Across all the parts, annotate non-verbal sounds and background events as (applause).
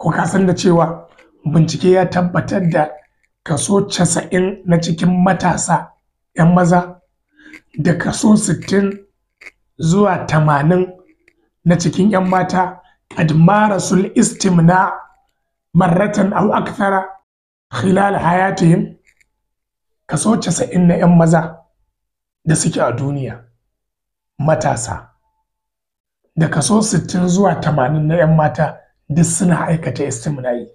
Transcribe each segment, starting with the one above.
ko ka san da cewa bincike ya tabbatar da kaso casa'in na cikin matasa 'yan maza da kaso sittin zuwa tamanin na cikin 'yan mata qad sul istimna marratan al akthara khilal hayatihim kaso casa'in na 'yan maza da suke a duniya matasa da kaso sittin zuwa tamanin na 'yan mata duk suna aikata istimna'i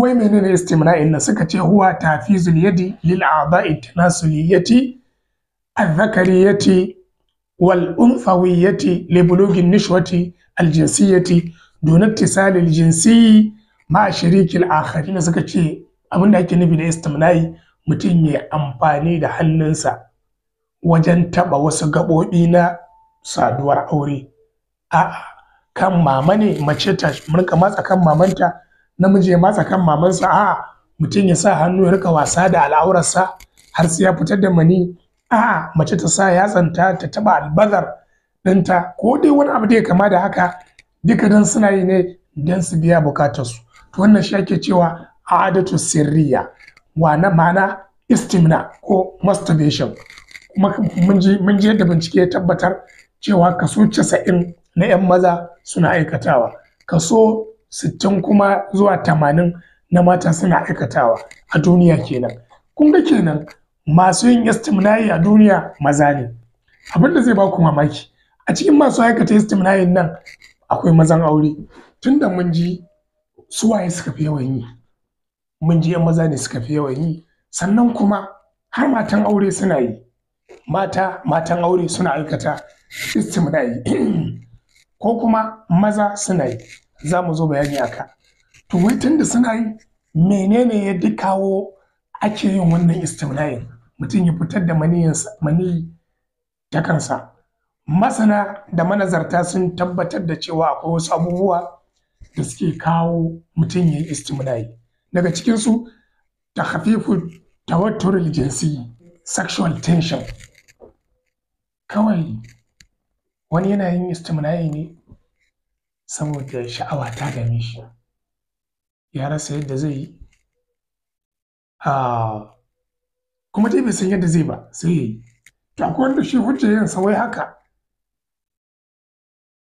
wai menene istimna'i nan suka ce huwa tafizul yadi lil a'dha'i tanasuliyati adh-dhakariyati wal unthawiyati li bulughi nishwati al jinsiyati dun ittisal al jinsi ma sharikil na suka ce abin da ake nufi da istimna'i mutum ya amfani da hannunsa wajen taba wasu gaɓoɓi na saduwar aure a'a kan mama ne mace ta rika matsa kan mamanta namiji ya matsa kan mamansa a'a mutum ya sa hannu ya rika wasa da al'aurarsa har sai ya fitar da mani a'a mace ta sa ya yatsanta ta taba albazar dinta ko dai wani abu da ya kama da haka duka dan suna yi ne dan su biya bukatarsu to wannan shi ake cewa adatu sirriya na ma'ana istimna ko masturbation kuma mun ji yadda bincike ya tabbatar cewa kaso casa'in na 'yan maza suna aikatawa kaso 60 kuma zuwa 80 na mata suna aikatawa a duniya kenan kun ga kenan masu yin istimna'i a duniya maza ne abin da zai ba ku mamaki a cikin masu aikata istimna'in nan akwai mazan aure tunda mun ji suwaye suka fi yawan yi mun ji 'yan maza ne suka fi yawan yi sannan kuma har matan aure suna yi mata matan aure suna aikata istimna'i (clears throat) ko kuma maza suna yi za mu zo bayani aka to wai tunda suna yi menene ya duk kawo ake yin wannan istimnayin mutum ya fitar da mani ta kansa masana da manazarta sun tabbatar da cewa akwai wasu abubuwa da suke kawo mutum ya yi daga cikinsu ta hafifu ta jinsi sexual tension kawai wani yana yin istimna'i ne saboda sha'awa ta dame shi ya rasa yadda zai yi kuma dai bai san yadda zai ba sai ya yi to akwai wanda shi hujjar yin sa haka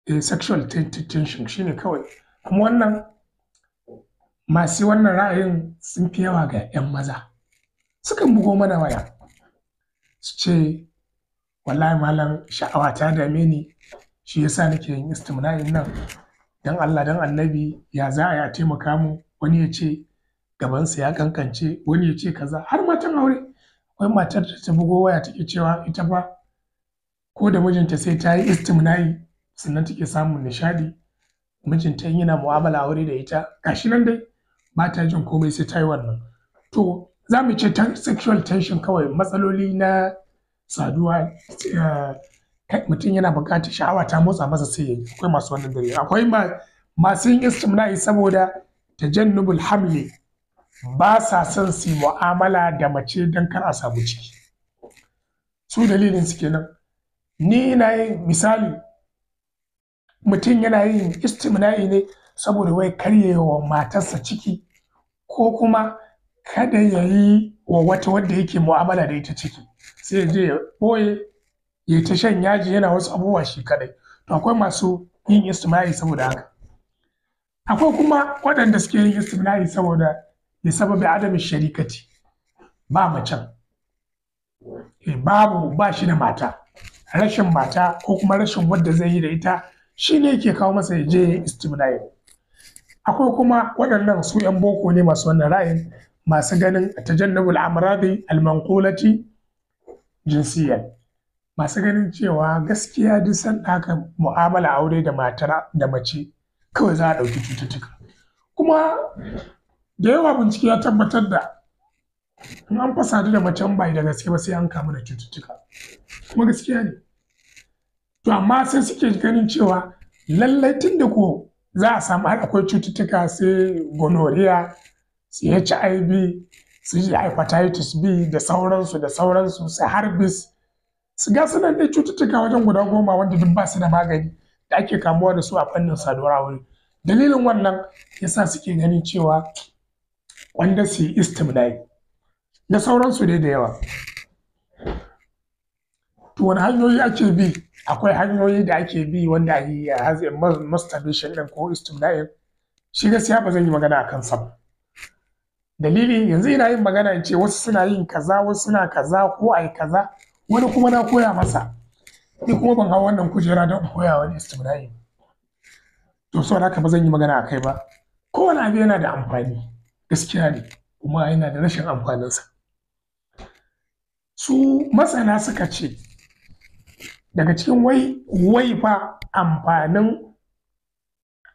a eh, sexual tension ne kawai kuma wannan masu wannan ra'ayin sun fi yawa ga 'yan maza sukan bugo mana waya su ce wallahi malam sha'awa ta dame ni shi yasa nake yin istimna'in nan dan Allah dan annabi ya za a yi taimaka mu wani ya ce gaban sa ya kankance wani ya ce kaza har matan aure akwai matar da ta bugo waya take cewa ita fa ko da mijinta sai ta yi istimna'i sannan take samun nishadi mijinta in yana mu'amala aure da ita gashi nan dai ba ta jin komai sai ta yi wannan to za mu ce sexual tension kawai matsaloli na saduwa eh, mutum yana buƙatar sha'awa ta motsa masa sai yayi akwai masu wannan dare akwai masu yin istimna'i saboda ta tajannubul hamli ba sa son su mu'amala da mace don kar a samu ciki su dalilin su kenan ni ina yin misali mutum yana yin istimna'i ne saboda wai karyewa matarsa ciki ko kuma kada ya yi wa wata wadda yake mu'amala da ita ciki sai je ya ɓoye ya ta shan yaji yana wasu abubuwa shi kadai to akwai masu yin istimna'i saboda haka akwai kuma waɗanda suke yin istimai saboda ya sababi adamin sharikati ba macen eh, babu ba shi da mata rashin mata ko kuma rashin wadda zai yi da ita shi ne ke kawo masa ya je istimna'i akwai kuma waɗannan su 'yan boko ne masu wannan ra'ayin masu ganin tajannabul amradi al jinsiyan. Masu ganin cewa gaskiya duk sanda ɗaka mu'amala aure da matar da mace kawai za a ɗauki cututtuka. Kuma da yawa bincike ya tabbatar da in an fasa da macen ba da gaske ba sai an kamu da cututtuka. Kuma gaskiya ne. To amma sai suke ganin cewa lallai tun da ko za a samu har akwai cututtuka sai gonorrhea, sai HIV, su yi hepatitis b da sauransu da sauransu su harbis su ga suna da cututtuka wajen guda goma wanda duk ba su da magani da ake kamuwa da su a fannin saduwar wuri dalilin wannan ya sa suke ganin cewa wanda su yi istimdai. da sauransu dai da yawa to wani hanyoyi ake bi akwai hanyoyi da ake bi wanda a yi a masturbation ɗin ko istimla'in shi gaskiya ba zan yi magana a kansa ba dalili yanzu ina yin magana in ce wasu suna yin kaza wasu suna kaza ko ai kaza wani kuma na koya masa ni kuma ban hau wannan kujera don koya wani istibra'i to so haka ba zan yi magana a kai ba kowane abu yana da amfani gaskiya ne kuma yana da rashin amfaninsa su masana suka ce daga cikin wai wai fa amfanin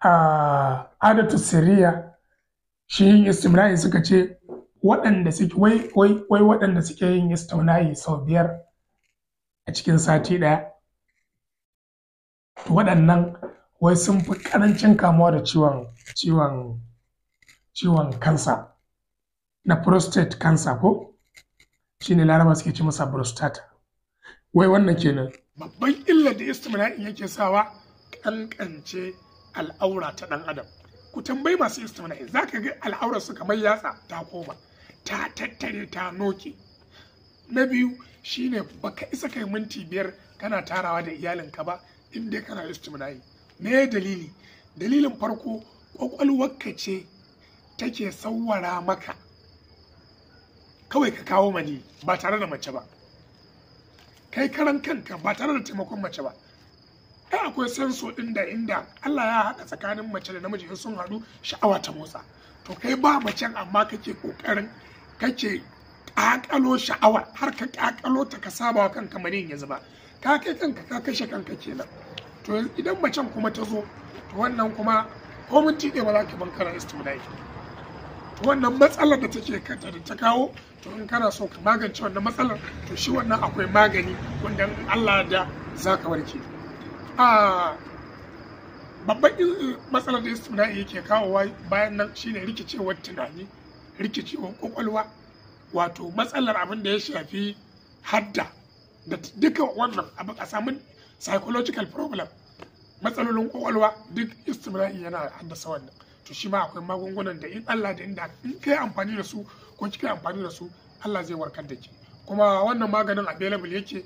a ah, adatu siriya shi istimrayi suka ce waɗanda suke wai waɗanda suke yin istimrayi sau biyar a cikin sati ɗaya waɗannan wai sun fi ƙarancin kamuwa da ciwon ciwon ciwon kansa na prostate cancer ko shine laraba suke ci masa prostate wai wannan kenan babban illar da istimna'i yake sawa ƙanƙance al'aura ta ɗan adam ku tambayi masu istimai, za ka ga al'aurar su kamar yatsa ta koma ta tattare ta noke na biyu shine baka isa kai minti biyar kana tarawa da iyalin ka ba in da kana istimna'i me dalili dalilin farko ka ce take sauwara maka kawai ka kawo mani ba tare da mace ba kai karan kanka ba tare da taimakon mace ba ai akwai sanso din da inda Allah ya haɗa tsakanin mace da namiji in sun haɗu sha'awa ta motsa to kai ba macen amma kake kokarin kake kakalo sha'awa, har ka kakalo ta ka saba wa kanka marin ya zuba ka kai kanka ka kashe kanka kenan to idan macen kuma ta zo to wannan kuma ko mun tiɗe ba za ka ban kana istimlai to wannan matsalar da take kanta da ta kawo to in kana so ka magance wannan matsalar to shi wannan akwai magani wanda Allah da za ka warke babban matsalar da istimna'i yake kawowa bayan nan shine rikicewar tunani rikicewar kwakwalwa wato matsalar abin da ya shafi hadda da duka wannan abin a samun psychological problem matsalolin kwakwalwa duk istimna'i yana haddasa wannan to shi ma akwai magungunan da in Allah da inda in kai amfani da su ko kika amfani da su Allah zai warkar da ke. kuma wannan maganin available yake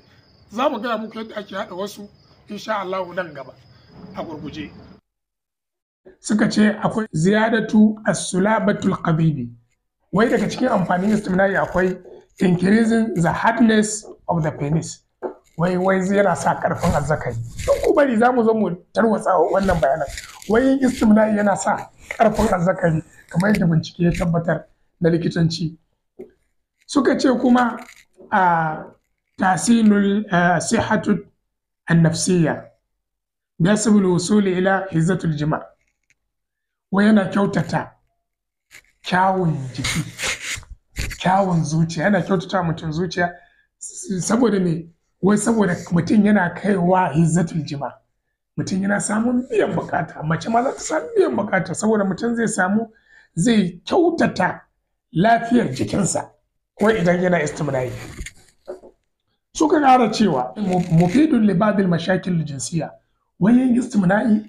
za mu gaya muku yadda ake haɗa wasu insha Allah nan gaba a gurguje suka ce akwai ziyadatu as-sulabatul qabibi wai daga cikin amfanin istimna'i akwai increasing the hardness of the penis wai wai yana sa karfin azzakari don ku bari za mu zo mu tarwatsa wannan bayanan wai istimna'i yana sa karfin azzakari kamar yadda bincike ya tabbatar na likitanci suka ce kuma a tasilul eh, sihatu النفسية يسبب الوصول إلى عزة الجماع وينا كوتتا kyawun jiki kyawun zuciya yana kyautata saboda wai saboda mutum yana kaiwa hizzatul jima mutum yana samun biyan bukata mace ma za ta samu biyan bukata saboda mutum zai samu zai kyautata lafiyar jikinsa ko idan yana istimna'i suka ƙara cewa mufidun libadil mashakil jinsiya wayan istimna'i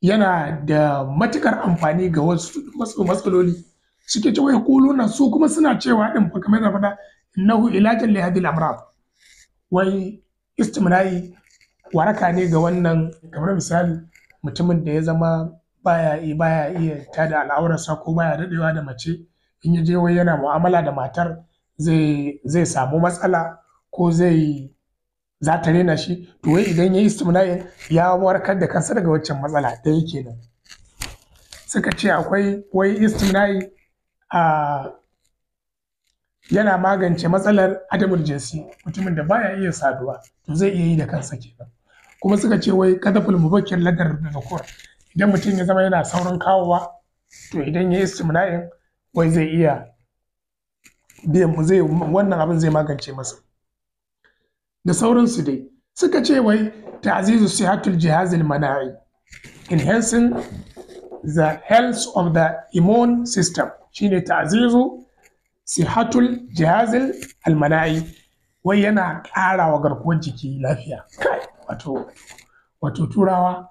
yana da matukar amfani ga wasu matsaloli suke cewa ya na su kuma suna cewa ɗin fa kamar na innahu ilajan li amrad wai istimna'i waraka ne ga wannan kamar misali mutumin da ya zama baya baya iya tada al'aurarsa ko baya daɗewa da mace in ya je wai yana mu'amala da matar zai zai samu matsala ko zai za ta rena shi to wai idan ya yi istimna'i ya warkar da kansa daga waccan matsala da yake nan suka ce akwai wai istimna'i a yana magance matsalar adamul jinsi mutumin da baya iya saduwa to zai iya yi da kansa kenan kuma suka ce wai kada kadaful mubakkir ladar da dhukur idan mutum ya zama yana saurin kawowa to idan ya yi istimna'in wai zai iya biyan zai wannan abin zai magance masa da sauransu dai suka ce wai ta'azizu sihatul jihazil mana'i enhancing the health of the immune system shine ta'azizu sihatul jihazil almana'i wai yana ƙara wa garkuwar jiki lafiya wato turawa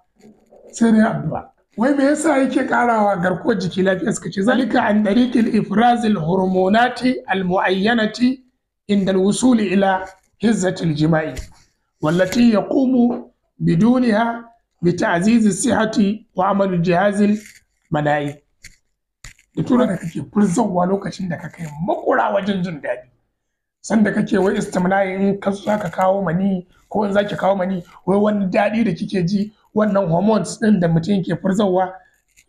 sai dai addu'a wai me yasa yake ƙarawa garkuwar jiki lafiya suka ce zalika an dariqil ifrazil hormonati almuayyanati inda alwusul ila hizzatil jima'i wallati yaqumu biduniha bita'ziz sihati wa amalu jihazil mana'i da tura da kake furzawa lokacin da ka kai makura wajen jin daɗi sanda kake wai istimna'i in ka za ka kawo mani ko in zaki kawo mani wai wani daɗi da kike ji wannan hormones ɗin da mutum ke furzawa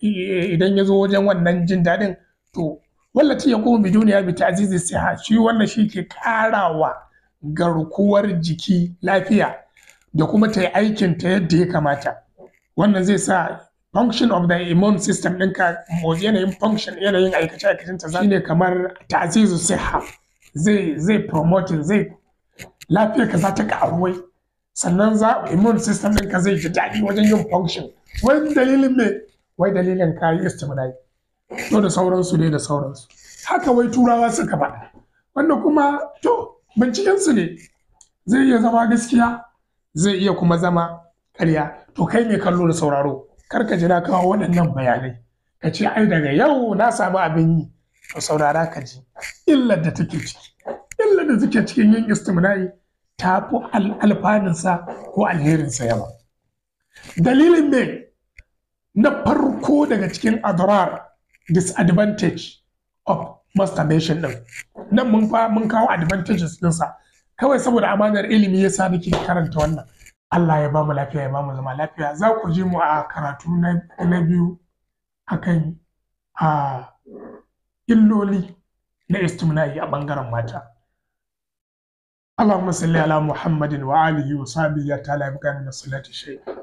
idan ya zo wajen wannan jin daɗin to wallati ya kuma biduniya bi ta'zizi shi wannan shi ke karawa garkuwar jiki lafiya da kuma ta yi ta yadda ya kamata wannan zai sa function of the immune system ɗinka yanayin function yanayin aikace aikacinta za ne kamar ta'azizu siha zai zai promote zai lafiyar ka za ta karuwai sannan za immune system ɗinka zai ji daɗi wajen yin function wai dalilin me wai dalilin ka yi istimulai to da sauransu ne da sauransu haka wai turawa suka faɗa wanda kuma to bincikensu ne zai iya zama gaskiya zai iya kuma zama karya. to kai mai kallo da sauraro kar ka jira kawo waɗannan bayanai ka ce ai daga yau na samu abin yi to saurara ka ji illar da take ciki illar da take cikin yin istimna'i ta fi alfaninsa ko alherinsa yawa dalilin ne na farko daga cikin adrar disadvantage of masturbation ɗin. nan mun fa mun kawo advantages ɗinsa kawai saboda amanar ilimi ya yasa nake karanta wannan Allah ya bamu lafiya ya bamu zama lafiya za ku ji mu a karatu na biyu akan a illoli na istimna'i a bangaren mata اللهم صل على محمد وآله وصحبه تعالى بكان من صلاة الشيء